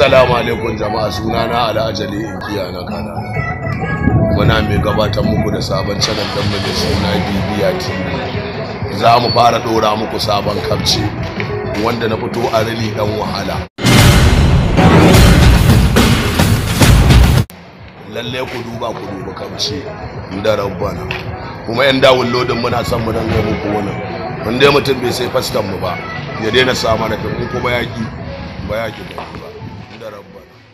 assalamu alaikum jama'a sunana al'ajali inkiya na kana muna mai gabatar muku da sabon canal don mai suna bibiya tv za mu fara dora muku sabon kamce wanda na fito a rini dan wahala lallai ku duba ku duba kamce da rabbana kuma yan dawun lodin muna son mu dinga muku wani in dai mutum bai sai fastan mu ba ya daina sa mana kuma ya ki ba ya ba da rabbana